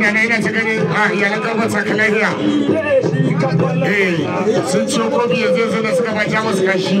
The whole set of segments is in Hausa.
iyalai na ta gani a iyalan karfar saka sun ciyo kofi yanzu yanzu da suka bata musu kashi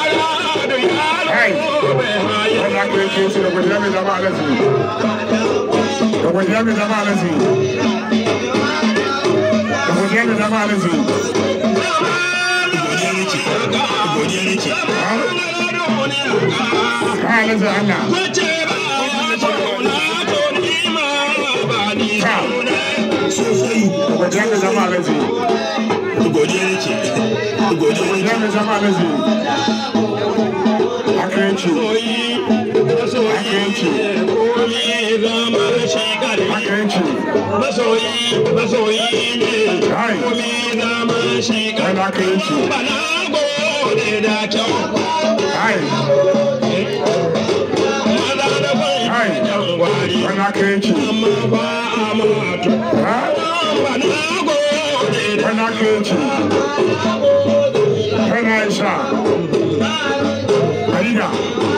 Hey, wọ́n can't you. I can't you. I can't you. I can't you. I can't you. I can't you.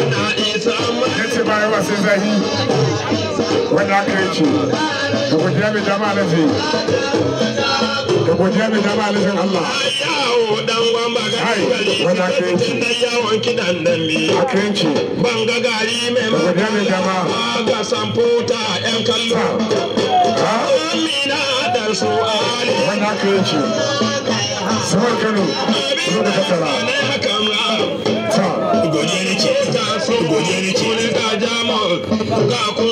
ya ce ba yawa sai zahi wanda aka yi ce da godiya mai dama alafin da godiya mai dama alafin Allah hai wani aka yi ce aka yi ce da godiya mai dama ga samfuta 'yan kallo wanda aka yi ce samar kano zuwa da tattara quando